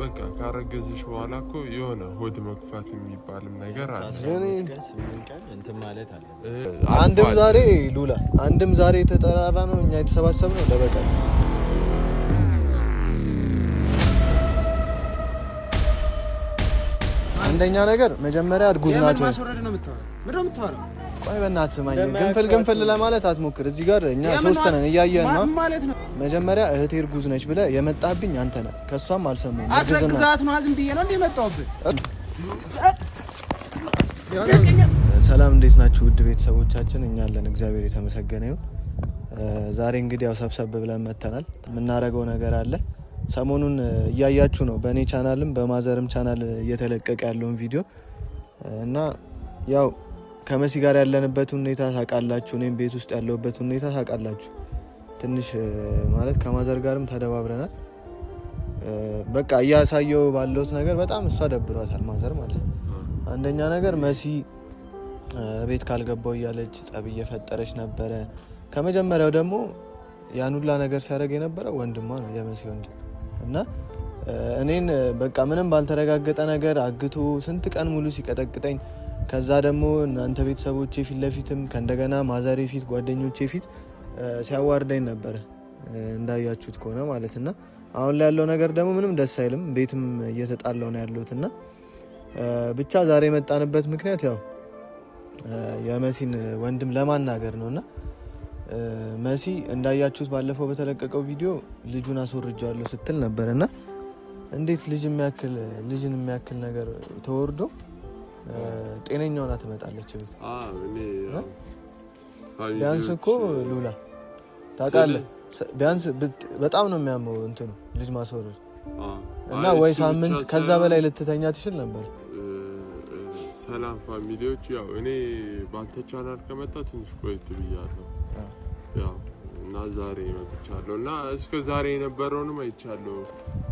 በቃ ካረገዝሽ በኋላ እኮ የሆነ ሆድ መግፋት የሚባልም ነገር አለ። አንድም ዛሬ ሉላ አንድም ዛሬ የተጠራራ ነው እኛ የተሰባሰብ ነው ለበቀል አንደኛ ነገር መጀመሪያ እርጉዝ ናት ወይ? ቆይ በእናትህ ስማኝ፣ ግንፍል ግንፍል ለማለት አትሞክር። እዚህ ጋር እኛ ሶስት ነን እያየን ነው መጀመሪያ እህቴ እርጉዝ ነች ብለ የመጣብኝ አንተ ነህ። ከእሷም አልሰማሁም። አስረግዛት ነው ዝም ብዬ ነው እንደ ሰላም እንዴት ናችሁ ውድ ቤተሰቦቻችን? እኛ አለን እግዚአብሔር የተመሰገነ ይሁን። ዛሬ እንግዲህ ያው ሰብሰብ ብለን መተናል። የምናደርገው ነገር አለ። ሰሞኑን እያያችሁ ነው በእኔ ቻናልም በማዘርም ቻናል እየተለቀቀ ያለውን ቪዲዮ እና ያው ከመሲ ጋር ያለንበት ሁኔታ ታውቃላችሁ። እኔም ቤት ውስጥ ያለውበት ሁኔታ ታውቃላችሁ። ትንሽ ማለት ከማዘር ጋርም ተደባብረናል። በቃ እያሳየው ባለሁት ነገር በጣም እሷ ደብሯታል ማዘር ማለት አንደኛ ነገር መሲ ቤት ካልገባው እያለች ጸብ እየፈጠረች ነበረ። ከመጀመሪያው ደግሞ ያን ሁላ ነገር ሲያደርግ የነበረ ወንድሟ ነው የመሲ ወንድ እና እኔን በቃ ምንም ባልተረጋገጠ ነገር አግቶ ስንት ቀን ሙሉ ሲቀጠቅጠኝ ከዛ ደግሞ እናንተ ቤተሰቦቼ ፊት ለፊትም ከእንደገና ማዘሬ ፊት ጓደኞቼ ፊት ሲያዋርዳኝ ነበር እንዳያችሁት ከሆነ ማለት እና አሁን ላይ ያለው ነገር ደግሞ ምንም ደስ አይልም። ቤትም እየተጣለው ነው ያለሁት እና ብቻ ዛሬ የመጣንበት ምክንያት ያው የመሲን ወንድም ለማናገር ነው እና መሲ እንዳያችሁት ባለፈው በተለቀቀው ቪዲዮ ልጁን አስወርጃለሁ ስትል ነበር እና እንዴት ልጅ የሚያክል ልጅን የሚያክል ነገር ተወርዶ ጤነኛውና ትመጣለች ቤት ቢያንስ እኮ ሉላ ታውቃለህ፣ ቢያንስ በጣም ነው የሚያመው እንትኑ ልጅ ማስወረድ እና ወይ ሳምንት ከዛ በላይ ልትተኛ ትችል ነበር። ሰላም ፋሚሊዎች፣ ያው እኔ ባንተ ቻናል ከመጣ ትንሽ ቆየት ብያለሁ። እና ዛሬ መጥቻለሁ እና እስከ ዛሬ የነበረውንም አይቻለሁ።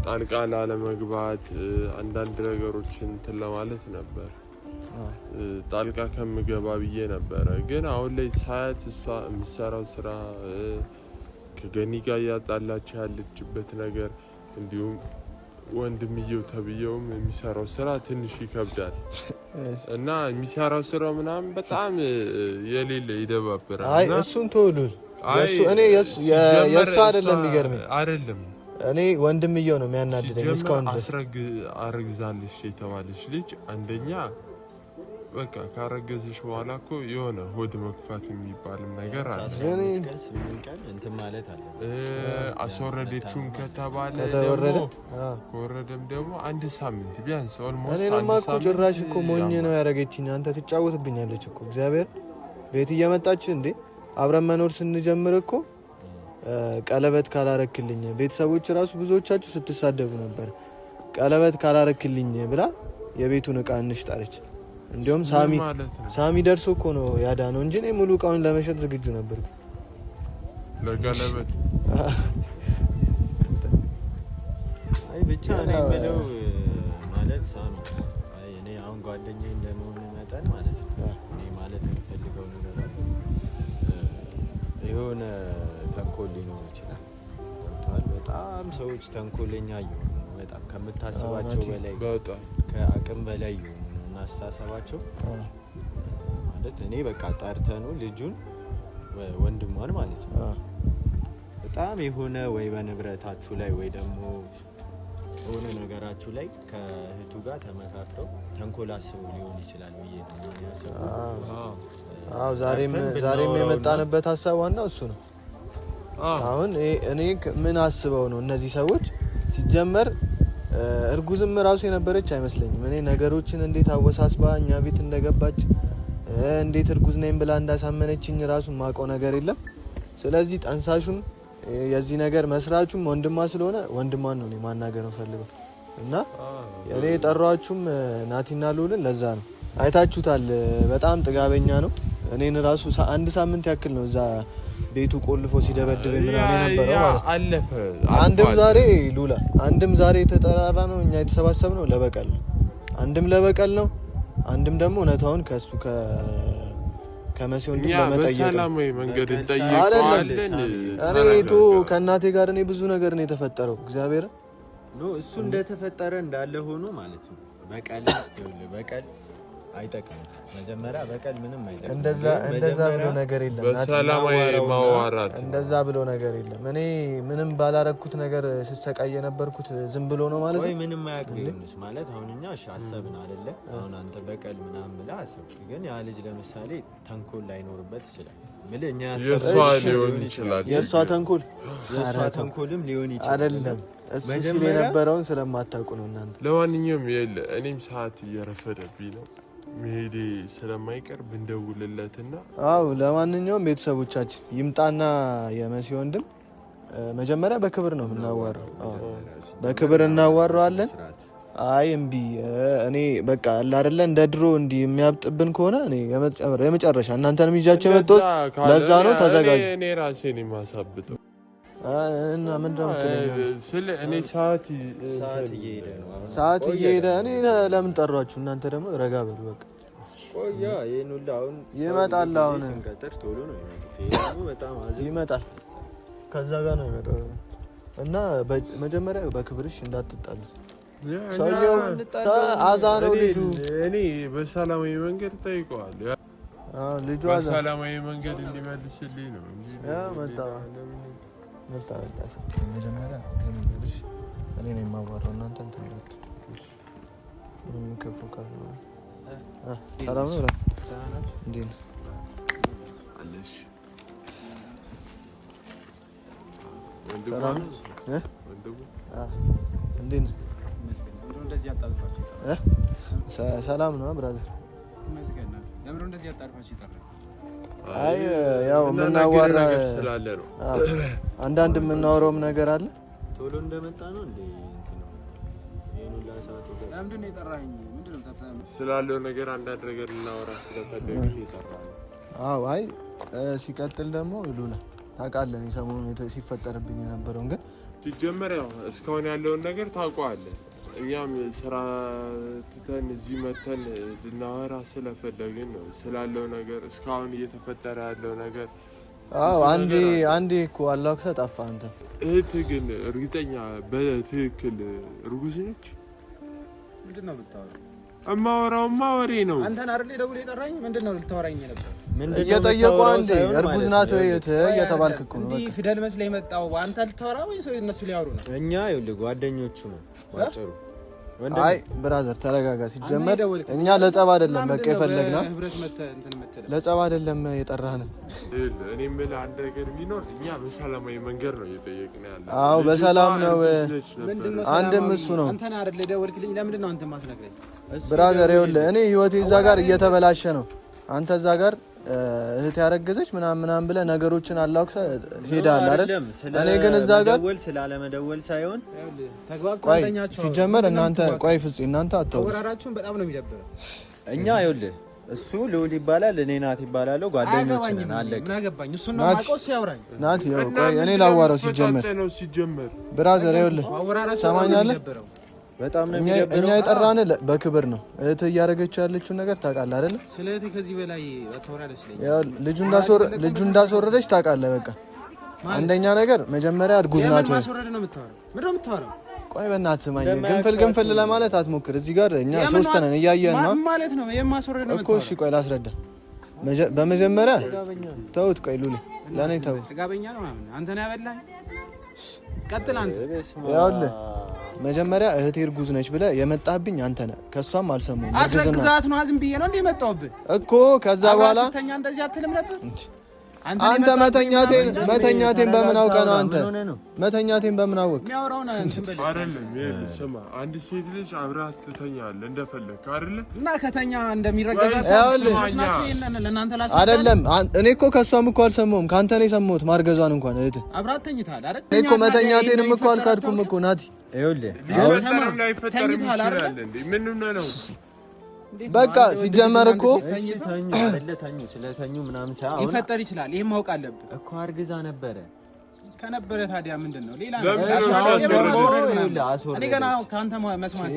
ጣልቃ ላለመግባት አንዳንድ ነገሮችን እንትን ለማለት ነበር ጣልቃ ከምገባ ብዬ ነበረ። ግን አሁን ላይ ሳያት እሷ የምትሰራው ስራ ከገኒ ጋር እያጣላቸው ያለችበት ነገር እንዲሁም ወንድምየው ተብየውም የሚሰራው ስራ ትንሽ ይከብዳል እና የሚሰራው ስራው ምናምን በጣም የሌለ ይደባብራል። እሱን ተውሉል እኔ የእሱ አይደለም የሚገርመኝ አይደለም እኔ ወንድምየው ነው የሚያናድደኝ። እስካሁን አስረግዛለች የተባለች ልጅ አንደኛ በቃ ካረገዝሽ በኋላ እኮ የሆነ ሆድ መግፋት የሚባልም ነገር አለ። አስወረደችውን ከተባለ ከወረደም ደግሞ አንድ ሳምንት ቢያንስ ኦልሞስት። ጭራሽ እኮ ሞኝ ነው ያደረገችኝ። አንተ ትጫወትብኛለች እኮ እግዚአብሔር ቤት እየመጣች እንዴ አብረን መኖር ስንጀምር እኮ ቀለበት ካላረክልኝ ቤተሰቦች ራሱ ብዙዎቻችሁ ስትሳደቡ ነበር። ቀለበት ካላረክልኝ ብላ የቤቱን እቃ እንሽጣለች። እንዲሁም ሳሚ ሳሚ ደርሶ እኮ ነው ያዳ ነው እንጂ እኔ ሙሉ እቃውን ለመሸጥ ዝግጁ ነበርኩ። አይ ብቻ እኔ የምለው ማለት ሳሚ አይ እኔ አሁን ጓደኛዬ መጠን ማለት ነው እኔ ማለት የምፈልገው ነገር የሆነ ተንኮል ሊኖር ይችላል። በጣም ሰዎች ተንኮለኛ እየሆኑ በጣም ከምታስባቸው በላይ ከአቅም በላይ እየሆኑ አስተሳሰባቸው ማለት እኔ በቃ ጠርተ ነው ልጁን ወንድሟን ማለት ነው በጣም የሆነ ወይ በንብረታችሁ ላይ ወይ ደግሞ የሆነ ነገራችሁ ላይ ከእህቱ ጋር ተመካክረው ተንኮል አስበው ሊሆን ይችላል ብዬ ነው። ዛሬም የመጣንበት ሀሳብ ዋናው እሱ ነው። አሁን እኔ ምን አስበው ነው እነዚህ ሰዎች ሲጀመር እርጉዝም ራሱ የነበረች አይመስለኝም። እኔ ነገሮችን እንዴት አወሳስባ እኛ ቤት እንደገባች እንዴት እርጉዝ ነኝ ብላ እንዳሳመነችኝ ራሱ ማውቀው ነገር የለም። ስለዚህ ጠንሳሹም የዚህ ነገር መስራቹም ወንድማ ስለሆነ ወንድማን ነው ማናገር ነው ፈልገው እና እኔ የጠሯችሁም ናቲና ሉልን ለዛ ነው። አይታችሁታል፣ በጣም ጥጋበኛ ነው። እኔን ራሱ አንድ ሳምንት ያክል ነው እዛ ቤቱ ቆልፎ ሲደበድብ ምናምን የነበረው አለፈ። አንድም ዛሬ ሉላ አንድም ዛሬ የተጠራራ ነው እኛ የተሰባሰብ ነው ለበቀል አንድም ለበቀል ነው አንድም ደግሞ እውነታውን ከእሱ ከመሲ ወንድም ከእናቴ ጋር እኔ ብዙ ነገር ነው የተፈጠረው። እግዚአብሔር እሱ እንደተፈጠረ እንዳለ ሆኖ ማለት ነው በቀል በቀል አይጠቅምም። መጀመሪያ በቀል ምንም አይጠቅም። እንደዛ ብሎ ነገር የለም። በሰላማዊ ማዋራት እንደዛ ብሎ ነገር የለም። እኔ ምንም ባላረግኩት ነገር ስሰቃይ የነበርኩት ዝም ብሎ ነው ማለት ወይ ምንም አያውቅም ይሆንስ ማለት አሁን እኛ እሺ አሰብን አይደለ? አሁን አንተ በቀል ምናምን ብለህ አሰብክ፣ ግን ያ ልጅ ለምሳሌ ተንኮል ላይኖርበት ይችላል የእሷ ተንኮል የእሷ ተንኮልም ሊሆን ይችላል። አይደለም እሱ ሲል የነበረውን ስለማታውቁ ነው እናንተ። ለማንኛውም እኔም ሰዓት እየረፈደብኝ ነው። መሄዴ ስለማይቀር ብንደውልለትና አዎ፣ ለማንኛውም ቤተሰቦቻችን ይምጣና የመሲ ወንድም መጀመሪያ በክብር ነው የምናዋራው። በክብር እናዋራዋለን። አይ እምቢ እኔ በቃ አይደለ እንደ ድሮ እንዲህ የሚያብጥብን ከሆነ እኔ የመጨረሻ እናንተንም ይዣቸው የመጣሁት ለዛ ነው። ተዘጋጁ። እኔ ራሴን ነው የማሳብጠው። እና እኔ ሰዓት ሰዓት እየሄደ እኔ ለምን ጠሯችሁ? እናንተ ደግሞ ረጋ በሉ በቃ ይመጣል። አሁን ይመጣል፣ ከዛ ጋር ነው ይመጣ እና መጀመሪያ በክብርሽ እንዳትጣሉት አዛ ነው ልጁ። እኔ በሰላማዊ መንገድ ጠይቀዋል። ልጁ በሰላማዊ መንገድ እንዲመልስልኝ ነው። መጀመሪያ እኔ ነው የማዋራው። እናንተ ሰላም ነው እንዴት ነው? ሰላም ነው ብራዘር። አይ ያው የምናዋራ ስላለ ነው አንዳንድ የምናወራውም ነገር አለ። ቶሎ እንደመጣ ነው እንዴ? ስላለው ነገር አንዳንድ ነገር ልናወራ አዎ። አይ ሲቀጥል ደግሞ ሉላ ታውቃለህ ሰሞኑን ሲፈጠርብኝ የነበረውን ግን ሲጀመር ያው እስካሁን ያለውን ነገር ታውቀዋለህ። እኛም ስራ ትተን እዚህ መተን ልናወራ ስለፈለግን ነው ስላለው ነገር እስካሁን እየተፈጠረ ያለው ነገር አዎ አንዴ አንዴ እኮ አላክሰ ጠፋህ። አንተ እህት ግን እርግጠኛ በትክክል እርጉዝ ነች? ምንድነው የምታወራው? እማወራውማ ወሬ ነው። አንተን አይደል ደውል የጠራኝ? ምንድነው ልታወራኝ ነበር? እየጠየቁ አንዴ እርጉዝ ናት ወይ እህትህ እየተባልክ እኮ ነው። እንዲህ ፊደል መስለህ የመጣው አንተ ልታወራ ወይ እነሱ ሊያወሩ ነው? እኛ ይኸውልህ ጓደኞቹ ነው ባጭሩ አይ ብራዘር ተረጋጋ። ሲጀመር እኛ ለጸብ አይደለም በቃ የፈለግና ለጸብ አይደለም የጠራህን። እኔ የምልህ አንድ ነገር ቢኖር እኛ በሰላማዊ መንገድ ነው እየጠየቅን ያለ። አዎ በሰላም ነው። አንድም እሱ ነው። ብራዘር ይኸውልህ እኔ ህይወቴ እዛ ጋር እየተበላሸ ነው። አንተ እዛ ጋር እህት ያረገዘች ምናም ምናም ብለ ነገሮችን አላውቅ ሄዳል አይደል? እኔ ግን እዛ ጋር ስላለመደወል ሳይሆን ሲጀመር እናንተ ቆይ ፍጽ እናንተ አታውቁ በጣም ነው የሚደብረው። እኛ ይኸውልህ እሱ ልውል ይባላል፣ እኔ ናት ይባላለሁ። ጓደኞች ነን። አለቀ። ናት እኔ ላዋራው ሲጀመር ብራዘር ይኸውልህ ሰማኛለህ በጣም ነው የሚደብረው። እኛ የጠራን በክብር ነው። እህት እያደረገች ያለችውን ነገር ታውቃለህ አይደለ? ስለ እህት ከዚህ በላይ ልጁ እንዳስወረደች ታውቃለህ። በቃ አንደኛ ነገር መጀመሪያ እርጉዝ ናት ወይ? ቆይ በእናትህ ስማኝ። ግንፍል ግንፍል ለማለት አትሞክር። እዚህ ጋር እኛ ሶስት ነን እያየን ነው ማለት ነው። ነው እኮ። እሺ ቆይ ላስረዳ። በመጀመሪያ ተውት። ቆይ ሉል ለእኔ ተውት። ቀጥል አንተ መጀመሪያ እህቴ እርጉዝ ነች ብለህ የመጣህብኝ አንተ ነህ። ከእሷም አልሰሙም። አስረግዛት ነው አዝም ብዬ ነው እንደ የመጣሁብህ እኮ። ከዛ በኋላ ስተኛ እንደዚህ አትልም ነበር አንተ መተኛቴን መተኛቴን በምን አውቀህ ነው? አንተ መተኛቴን በምን አወቅህ? አይደለም ስማ፣ አንድ ሴት ልጅ አብረሃት ትተኛለህ እንደፈለግህ አይደለ? እና ከተኛ እንደሚረገዛት አይደለም። እኔ እኮ ከእሷም እኮ አልሰማሁም፣ ከአንተ ነው የሰማሁት። ማርገዟን እንኳን እህት አብረሃት ተኝተሃል አይደል? እኔ እኮ መተኛቴንም እኮ አልካድኩም እኮ ናቲ። ይኸውልህ ሊፈጠርም ላይፈጠርም ይችላል። ምንም ነው በቃ ሲጀመር እኮ ስለተኙ ምናምን ይፈጠር ይችላል። ይሄን ማወቅ አለብህ እኮ አርግዛ ነበረ። ከነበረ ታዲያ ምንድን ነው ሌላ ገና ከአንተ መስማት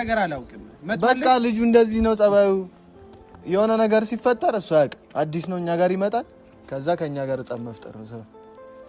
ነገር አላውቅም። በቃ ልጁ እንደዚህ ነው ጸባዩ። የሆነ ነገር ሲፈጠር እሱ ያውቅ አዲስ ነው እኛ ጋር ይመጣል። ከዛ ከእኛ ጋር ጸብ መፍጠር ነው ስራ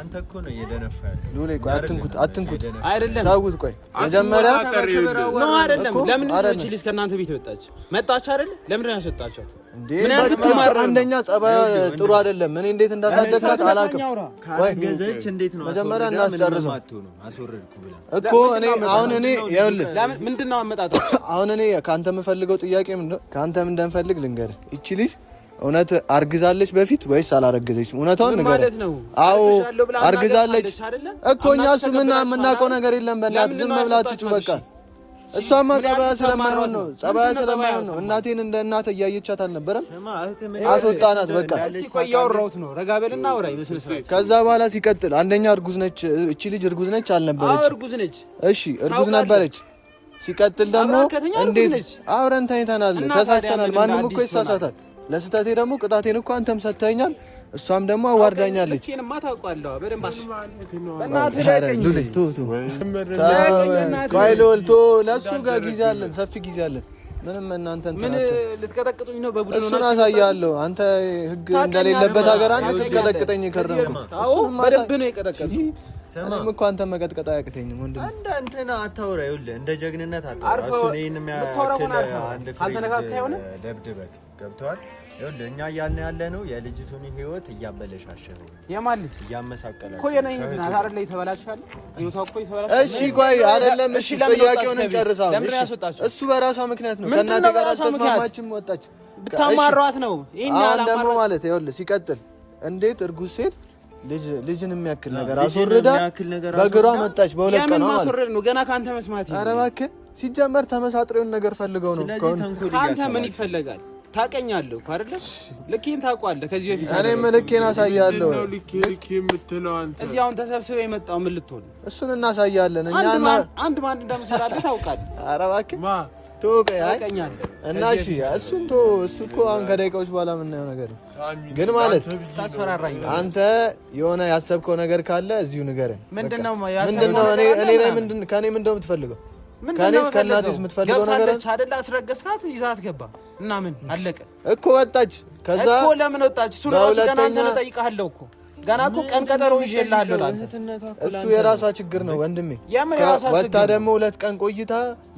አንተ እኮ ነው እየደነፋ ያለው። ሉሌ ቆይ አትንኩት፣ አትንኩት። አይደለም ታውት ቆይ መጀመሪያ ነው አይደለም። ለምን ልጅ ከእናንተ ቤት መጣች መጣች አይደል? ለምን ነው ያስወጣችኋት? አንደኛ ጸባይ ጥሩ አይደለም። እኔ እንዴት እንዳሳደጋት አላውቅም። መጀመሪያ እናስጨርሰው እኮ እኔ አሁን እኔ ይኸውልህ፣ ምንድን ነው አሁን እኔ ከአንተ የምፈልገው ጥያቄ ከአንተም እንደምፈልግ ልንገርህ፣ ልጅ እውነት አርግዛለች በፊት ወይስ አላረግዘች? እውነቷን ነገር አዎ አርግዛለች እኮ እኛ እሱ ምና የምናውቀው ነገር የለም። በእናትህ ዝም መብላት ትጩ በቃ። እሷማ ጸባያ ስለማይሆን ነው፣ ጸባያ ስለማይሆን ነው። እናቴን እንደ እናት እያየቻት አልነበረም። አስወጣናት በቃ። ከዛ በኋላ ሲቀጥል አንደኛ እርጉዝ ነች እቺ ልጅ እርጉዝ ነች አልነበረች? እሺ እርጉዝ ነበረች። ሲቀጥል ደግሞ እንዴት አብረን ተኝተናል። ተሳስተናል። ማንም እኮ ይሳሳታል። ለስተቴ ደግሞ ቅጣቴን እኮ አንተም ሰጥተኛል፣ እሷም ደግሞ አዋርዳኛለች። ቶ ለእሱ ጋር ጊዜ አለን፣ ሰፊ ጊዜ አለን። ምንም እናንተ እንትን ልትቀጠቅጡኝ ነው? በቡድን እሱን አሳያለሁ። አንተ ህግ እንደሌለበት ሀገር አንድ ስትቀጠቅጠኝ የከረምኩት በደንብ ነው የቀጠቀጥኩት። እኔም እኮ አንተ መቀጥቀጥ አያቅተኝም ወንድም። እንደ እንትን አታውራ፣ ይኸውልህ እንደ ጀግንነት አታውራ። እሱን ይህን የሚያክል አንድ ፍሬ ደብድበህ ገብተዋል ይኸውልህ እኛ እያልን ያለ ነው የልጅቱን ህይወት እያበለሻሸህ የማን ልጅ እያመሳቀለ እኮ የነኝ ልጅ ናት አይደለ? የተበላሻል ህይወቷ እኮ የተበላሻል። እሺ ቆይ አይደለም። እሺ ጥያቄውን እንጨርሰው። እሱ በራሷ ምክንያት ነው። ከእናንተ ጋር አልተስማማችም፣ ወጣች። ብታማሯት ነው ይሄን ያላማ ደግሞ ማለት ይኸውልህ። ሲቀጥል እንዴት እርጉዝ ሴት ልጅን የሚያክል ነገር አስወርዳ በግሯ መጣች። በሁለት ቀን ነው ማስወረድ ነው። ገና ከአንተ መስማት ይሄ። ኧረ እባክህ ሲጀመር ተመሳጥሬውን ነገር ፈልገው ነው። ከአንተ ምን ይፈለጋል? ታቀኛለሁ አይደለ? ልኬን ታውቋለህ። ከዚህ በፊት እኔ ምን አሳያለሁ። እዚህ አሁን ተሰብስበ የመጣው ምን ልትሆን? እሱን እናሳያለን። አንድ ማንድ እንደምሰራልህ ታውቃለህ። ኧረ እባክህ እና እሺ፣ እሱን ተወው። እሱ እኮ አሁን ከደቂቃዎች በኋላ የምናየው ነገር ግን ማለት አንተ የሆነ ያሰብከው ነገር ካለ እዚሁ ንገረን። ምንድን ነው ከእኔ ምንድን ነው የምትፈልገው? ከኔስ ከእናቴስ የምትፈልገው ነገር አይደል? አስረገዝካት፣ ይዛት ገባ እና ምን አለቀ እኮ ወጣች። ከዛ እኮ ለምን ወጣች? እሱ ነው ገና አንተን እጠይቅሃለሁ እኮ ገና እኮ ቀን ቀጠሮ ይዤልሃለሁ። እሱ የራሷ ችግር ነው ወንድሜ። የራሷ ችግር? ወጣ ደግሞ ሁለት ቀን ቆይታ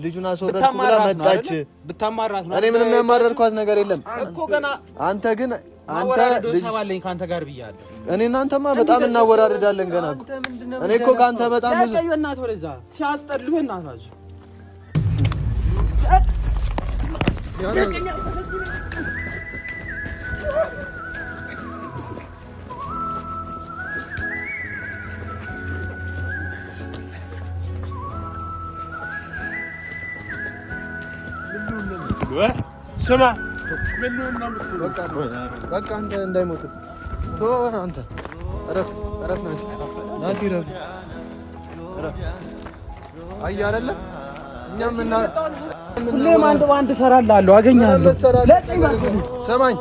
ልጁን አስወረድኩ ብላ መጣች። ብታማራት ነው። እኔ ምንም ያማረርኳት ነገር የለም እኮ ገና አንተ ግን አንተ ልጅ ካንተ ጋር ብያለሁ። እኔ እናንተማ በጣም እናወራረዳለን ገና እኮ እኔ እኮ ካንተ በጣም ብዙ ሲያስጠልሁ እናታችሁ ስማ በቃ አንተ እንዳይሞት አንተ እረፍ እረፍ ናቲ እረፍ አየህ አይደለ ሁሌም አንድ በአንድ አገኛለሁ። ሰማኝ።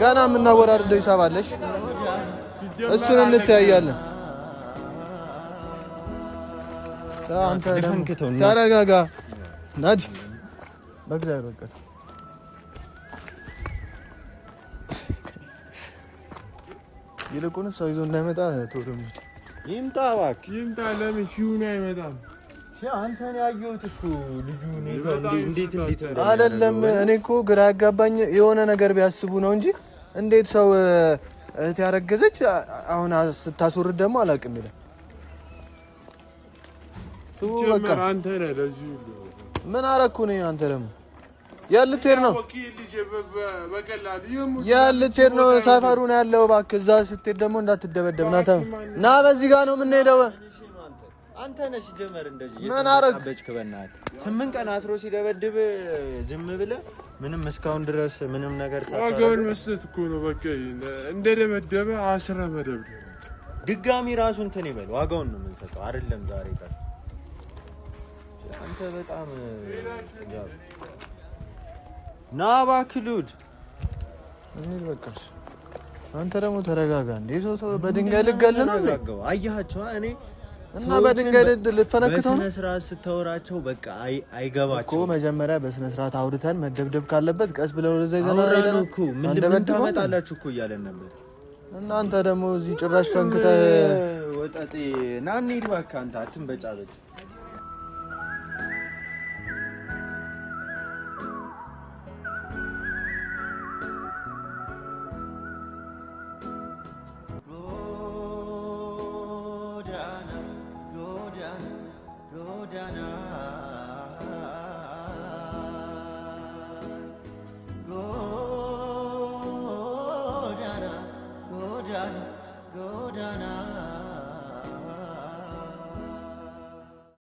ገና የምናወራርደው ሂሳብ አለሽ፣ እሱን እንተያያለን። ተረጋጋ ናዲ። በእግዚአብሔር በቃ ይልቁን ሰው ይዞ እንዳይመጣ ቶሎ ይምጣ እባክህ፣ ይምጣ። ለምን ሺሁን አይመጣም? አንተን ያየሁት እኮ ልጁ እንዴት እንዴት አይደለም። እኔ እኮ ግራ ያጋባኝ የሆነ ነገር ቢያስቡ ነው እንጂ እንዴት ሰው እህት ያረገዘች አሁን ስታስወርድ ደግሞ አላውቅም ይላል። ምን አረኩ ነኝ? አንተ ደግሞ የት ነው? የት ነው? ሰፈሩ ያለው። እባክህ እዛ ስትሄድ ደግሞ እንዳትደበደብ። ና በዚህ ጋር ነው የምንሄደው። አንተ ነሽ ጀመር እንደዚህ ምን አረግ የተበጭ ክበናል። ስምንት ቀን አስሮ ሲደበድብ ዝም ብለ ምንም እስካሁን ድረስ ምንም ነገር ዋጋውን መስጠት እኮ ነው። በቃ እንደደበደበ አስረ መደብደብ ድጋሚ ራሱ እንትን ይበል። ዋጋውን ነው የምንሰጠው አይደለም ዛሬ ጋር አንተ በጣም ና እባክህ ልውድ እኔ በቃሽ። አንተ ደግሞ ተረጋጋ። እንደ ሰው ሰው በድንጋይ ልገል ነው አያቸው እኔ እና በድንገት ልፈነክተው ነው። በስነስርዓት ስታወራቸው በቃ አይገባቸው። እኮ መጀመሪያ በስነስርዓት ስርዓት አውርተን መደብደብ ካለበት ቀስ ብለን ወደዛ ይዘናሉ እኮ ምን ታመጣላችሁ እኮ እያለን ነበር። እናንተ ደግሞ እዚህ ጭራሽ ፈንክተ ወጠጤ ና እንሂድ እባክህ አንተ አትንበጫበጭ